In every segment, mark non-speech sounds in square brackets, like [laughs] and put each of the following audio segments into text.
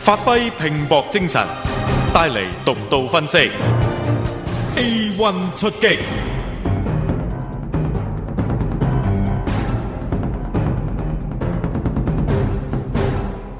發揮拼搏精神，帶嚟獨到分析。A one 出擊，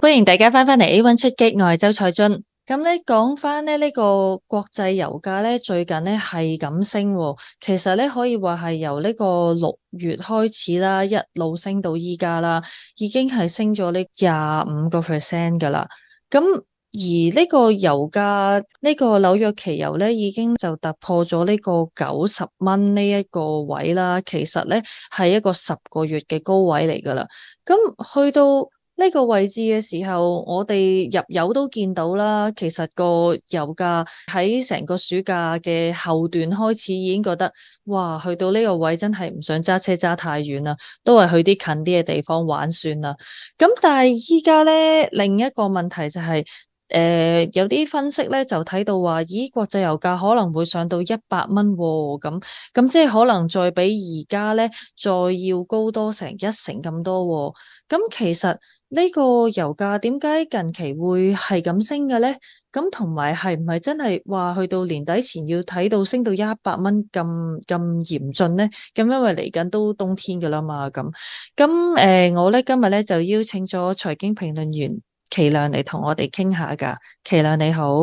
歡迎大家翻返嚟 A one 出擊，我係周彩津。咁咧講翻咧呢，呢個國際油價咧最近咧係咁升喎，其實咧可以話係由呢個六月開始啦，一路升到而家啦，已經係升咗呢廿五個 percent 噶啦。咁而呢個油價，呢個紐約期油呢已經就突破咗呢個九十蚊呢一個位啦。其實呢係一個十個月嘅高位嚟噶啦。咁去到，呢個位置嘅時候，我哋入油都見到啦。其實個油價喺成個暑假嘅後段開始已經覺得，哇！去到呢個位真係唔想揸車揸太遠啦，都係去啲近啲嘅地方玩算啦。咁但係依家咧，另一個問題就係……誒、呃、有啲分析咧，就睇到話，咦，國際油價可能會上到一百蚊喎，咁咁即係可能再比而家咧，再要高多成一成咁多喎、哦。咁其實呢、呢個油價點解近期會係咁升嘅咧？咁同埋係唔係真係話去到年底前要睇到升到一百蚊咁咁嚴峻咧？咁因為嚟緊都冬天㗎啦嘛，咁咁誒，我咧今日咧就邀請咗財經評論員。奇亮你同我哋傾下噶奇亮你好，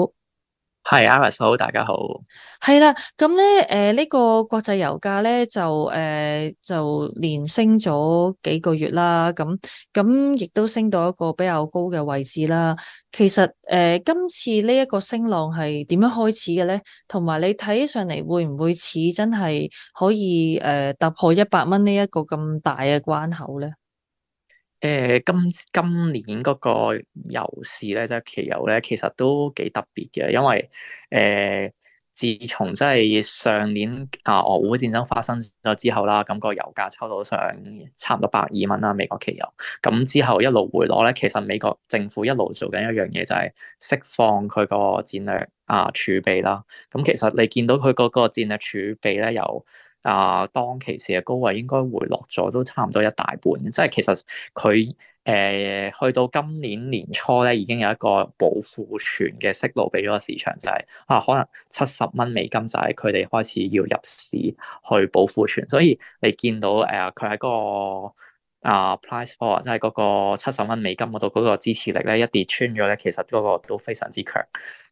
係 a l v i s、啊、好，大家好，係啦，咁咧，誒、呃，呢、這個國際油價咧就誒、呃、就連升咗幾個月啦，咁咁亦都升到一個比較高嘅位置啦。其實誒、呃，今次呢一個升浪係點樣開始嘅咧？同埋你睇上嚟會唔會似真係可以誒、呃、突破一百蚊呢一個咁大嘅關口咧？誒、呃，今今年嗰個油市咧，即係期油咧，其實都幾特別嘅，因為誒、呃、自從即係上年啊俄烏戰爭發生咗之後啦，咁、那個油價抽到上差唔多百二蚊啦，美國期油，咁之後一路回落咧，其實美國政府一路做緊一樣嘢，就係釋放佢個戰略啊儲備啦，咁其實你見到佢嗰個戰略儲備咧有。啊，當其時嘅高位應該回落咗，都差唔多一大半。即係其實佢誒、呃、去到今年年初咧，已經有一個保庫存嘅訊號俾咗個市場，就係、是、啊，可能七十蚊美金就係佢哋開始要入市去保庫存。所以你見到誒佢喺嗰個啊 price floor 即係嗰個七十蚊美金嗰度嗰個支持力咧一跌穿咗咧，其實嗰個都非常之強。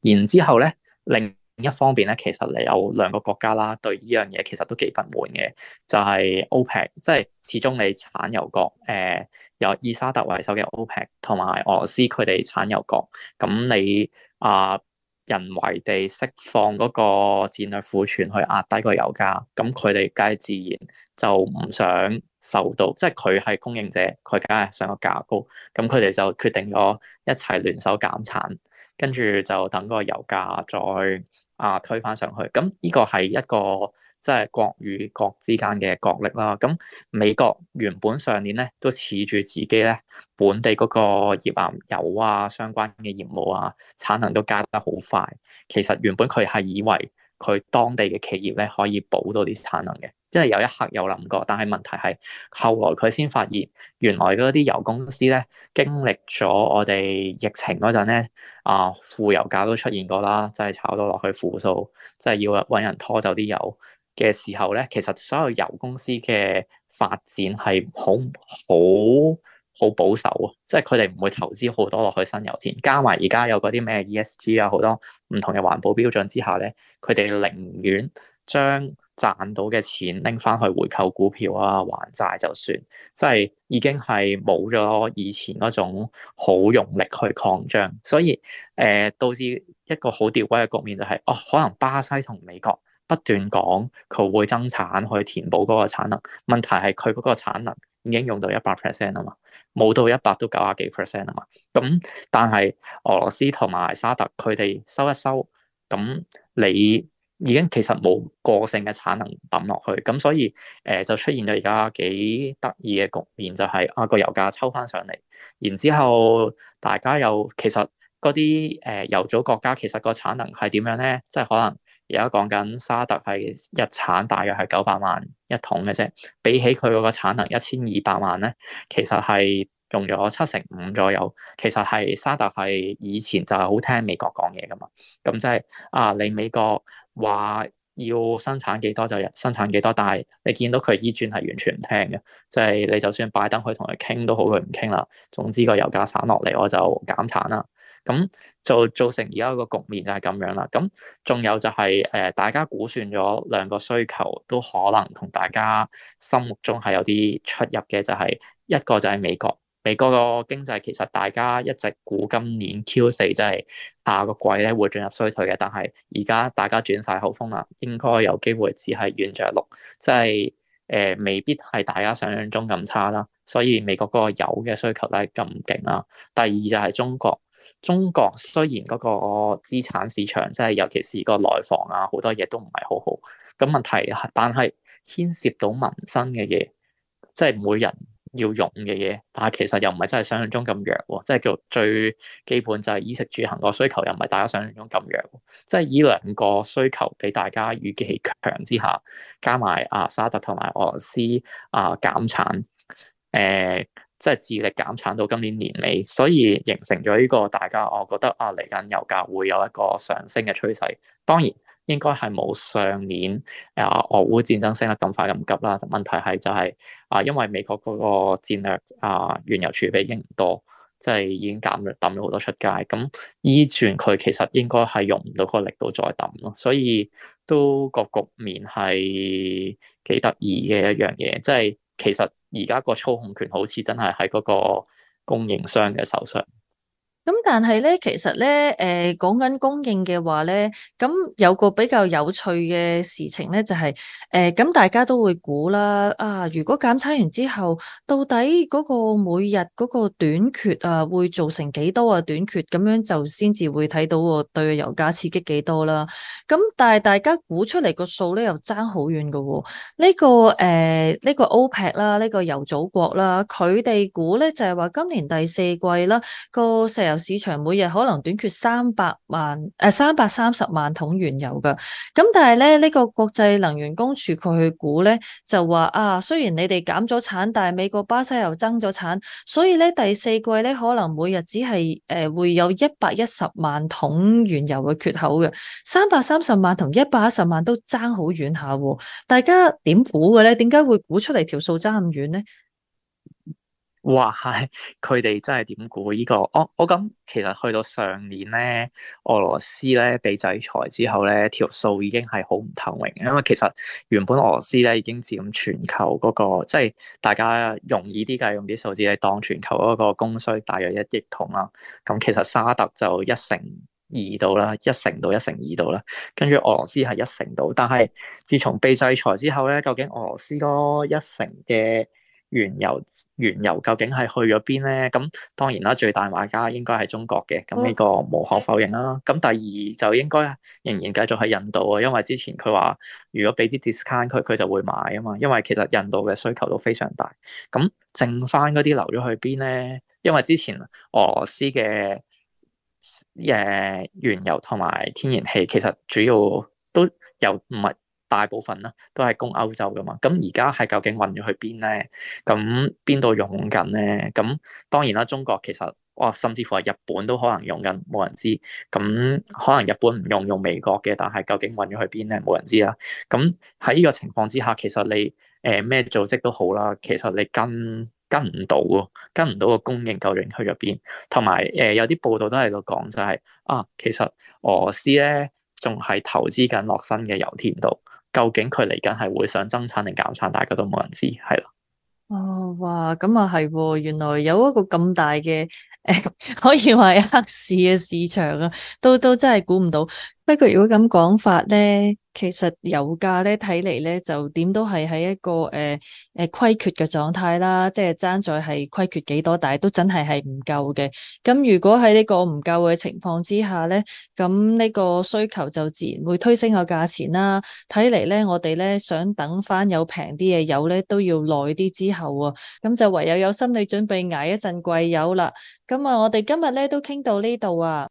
然之後咧，令。一方面咧，其實你有兩個國家啦，對呢樣嘢其實都幾不滿嘅，就係、是、OPEC，即係始終你產油國，誒、呃，有以沙特為首嘅 OPEC 同埋俄羅斯佢哋產油國，咁你啊、呃，人為地釋放嗰個戰略庫存去壓低個油價，咁佢哋梗係自然就唔想受到，即係佢係供應者，佢梗係想個價高，咁佢哋就決定咗一齊聯手減產，跟住就等個油價再。啊，推翻上去，咁呢個係一個即係、就是、國與國之間嘅角力啦。咁美國原本上年咧都恃住自己咧本地嗰個頁岩油啊相關嘅業務啊產能都加得好快，其實原本佢係以為佢當地嘅企業咧可以補到啲產能嘅。即係有一刻有諗過，但係問題係後來佢先發現，原來嗰啲油公司咧經歷咗我哋疫情嗰陣咧，啊負油價都出現過啦，即係炒到落去負數，即係要搵人拖走啲油嘅時候咧，其實所有油公司嘅發展係好好好保守啊！即係佢哋唔會投資好多落去新油田，加埋而家有嗰啲咩 ESG 啊，好多唔同嘅環保標準之下咧，佢哋寧願將賺到嘅錢拎翻去回購股票啊，還債就算，即係已經係冇咗以前嗰種好用力去擴張，所以誒、呃、導致一個好吊詭嘅局面就係、是、哦，可能巴西同美國不斷講佢會增產去填補嗰個產能，問題係佢嗰個產能已經用到一百 percent 啊嘛，冇到一百都九啊幾 percent 啊嘛，咁但係俄羅斯同埋沙特佢哋收一收，咁你？已經其實冇個性嘅產能抌落去，咁所以誒、呃、就出現咗而家幾得意嘅局面，就係、是、啊個油價抽翻上嚟，然之後大家又其實嗰啲誒油組國家其實個產能係點樣咧？即、就、係、是、可能而家講緊沙特係日產大約係九百萬一桶嘅啫，比起佢嗰個產能一千二百萬咧，其實係。用咗七成五左右，其實係沙特係以前就係好聽美國講嘢噶嘛，咁即係啊，你美國話要生產幾多就生產幾多，但係你見到佢依轉係完全唔聽嘅，即係你就算拜登去同佢傾都好，佢唔傾啦。總之個油價散落嚟，我就減產啦。咁就造成而家個局面就係咁樣啦。咁仲有就係誒，大家估算咗兩個需求都可能同大家心目中係有啲出入嘅，就係一個就係美國。美國個經濟其實大家一直估今年 Q 四即係下個季咧，會進入衰退嘅，但係而家大家轉晒口風啦，應該有機會只係軟着陸，即係誒未必係大家想象中咁差啦。所以美國嗰個油嘅需求都咁勁啦。第二就係中國，中國雖然嗰個資產市場即係尤其是個內房啊好多嘢都唔係好好，咁問題係但係牽涉到民生嘅嘢，即係每人。要用嘅嘢，但係其實又唔係真係想象中咁弱喎，即係叫最基本就係衣食住行個需求又唔係大家想象中咁弱，即係呢兩個需求俾大家預期強之下，加埋啊沙特同埋俄羅斯啊減產，誒、呃、即係致力減產到今年年尾，所以形成咗呢、這個大家，我覺得啊嚟緊油價會有一個上升嘅趨勢，當然。應該係冇上年啊俄烏戰爭升得咁快咁急啦。問題係就係、是、啊，因為美國嗰個戰略啊，原油儲備已經唔多，即係已經減揼咗好多出街。咁依轉佢其實應該係用唔到嗰個力度再揼咯。所以都、這個局面係幾得意嘅一樣嘢。即係其實而家個操控權好似真係喺嗰個供應商嘅手上。咁但係咧，其實咧，誒、呃，講緊供應嘅話咧，咁有個比較有趣嘅事情咧、就是，就、呃、係，誒，咁大家都會估啦，啊，如果減產完之後，到底嗰個每日嗰個短缺啊，會造成幾多啊短缺，咁樣就先至會睇到個對油價刺激幾多啦。咁、啊、但係大家估出嚟個數咧，又爭好遠噶。呢個，誒、呃，呢、這個 OPEC 啦，呢、這個油組國啦，佢哋估咧就係、是、話今年第四季啦，個成市場每日可能短缺三百萬誒三百三十萬桶原油噶咁但係咧呢、這個國際能源公署佢去估咧就話啊，雖然你哋減咗產，但係美國巴西又增咗產，所以咧第四季咧可能每日只係誒、呃、會有一百一十萬桶原油嘅缺口嘅，三百三十萬同一百一十萬都爭好遠下、啊，大家點估嘅咧？點解會估出嚟條數爭咁遠咧？哇！係佢哋真係點估依個？我我咁其實去到上年咧，俄羅斯咧被制裁之後咧，條數已經係好唔透明嘅，因為其實原本俄羅斯咧已經佔全球嗰個，即係大家容易啲計，用啲數字嚟當全球嗰個供需大約一億桶啦。咁、嗯、其實沙特就一成二度啦，一成到一成二度啦，跟住俄羅斯係一成度。但係自從被制裁之後咧，究竟俄羅斯嗰一成嘅原油原油究竟係去咗邊咧？咁當然啦，最大買家應該係中國嘅，咁呢個無可否認啦、啊。咁第二就應該仍然繼續喺印度啊，因為之前佢話如果俾啲 discount 佢，佢就會買啊嘛。因為其實印度嘅需求都非常大。咁剩翻嗰啲留咗去邊咧？因為之前俄羅斯嘅誒原油同埋天然氣其實主要都有唔係。大部分啦，都係供歐洲噶嘛。咁而家係究竟運咗去邊咧？咁邊度用緊咧？咁當然啦，中國其實，哦、甚至乎係日本都可能用緊，冇人知。咁可能日本唔用，用美國嘅，但係究竟運咗去邊咧？冇人知啦。咁喺呢個情況之下，其實你誒咩、呃、組織都好啦，其實你跟跟唔到喎，跟唔到個供應究竟去咗邊。同埋誒有啲、呃、報道都喺度講就係、是、啊，其實俄羅斯咧仲係投資緊落新嘅油田度。究竟佢嚟緊係會想增產定減產，大家都冇人知，係咯。哦，哇，咁啊係，原來有一個咁大嘅，誒， [laughs] 可以話黑市嘅市場啊，都都真係估唔到。不過如果咁講法呢，其實油價呢睇嚟呢，就點都係喺一個誒誒虧缺嘅狀態啦，即係爭在係虧缺幾多，但係都真係係唔夠嘅。咁如果喺呢個唔夠嘅情況之下呢，咁呢個需求就自然會推升個價錢啦。睇嚟呢，我哋呢想等翻有平啲嘅油呢，都要耐啲之後啊。咁就唯有有心理準備捱一陣貴油啦。咁啊，我哋今日咧都傾到呢度啊。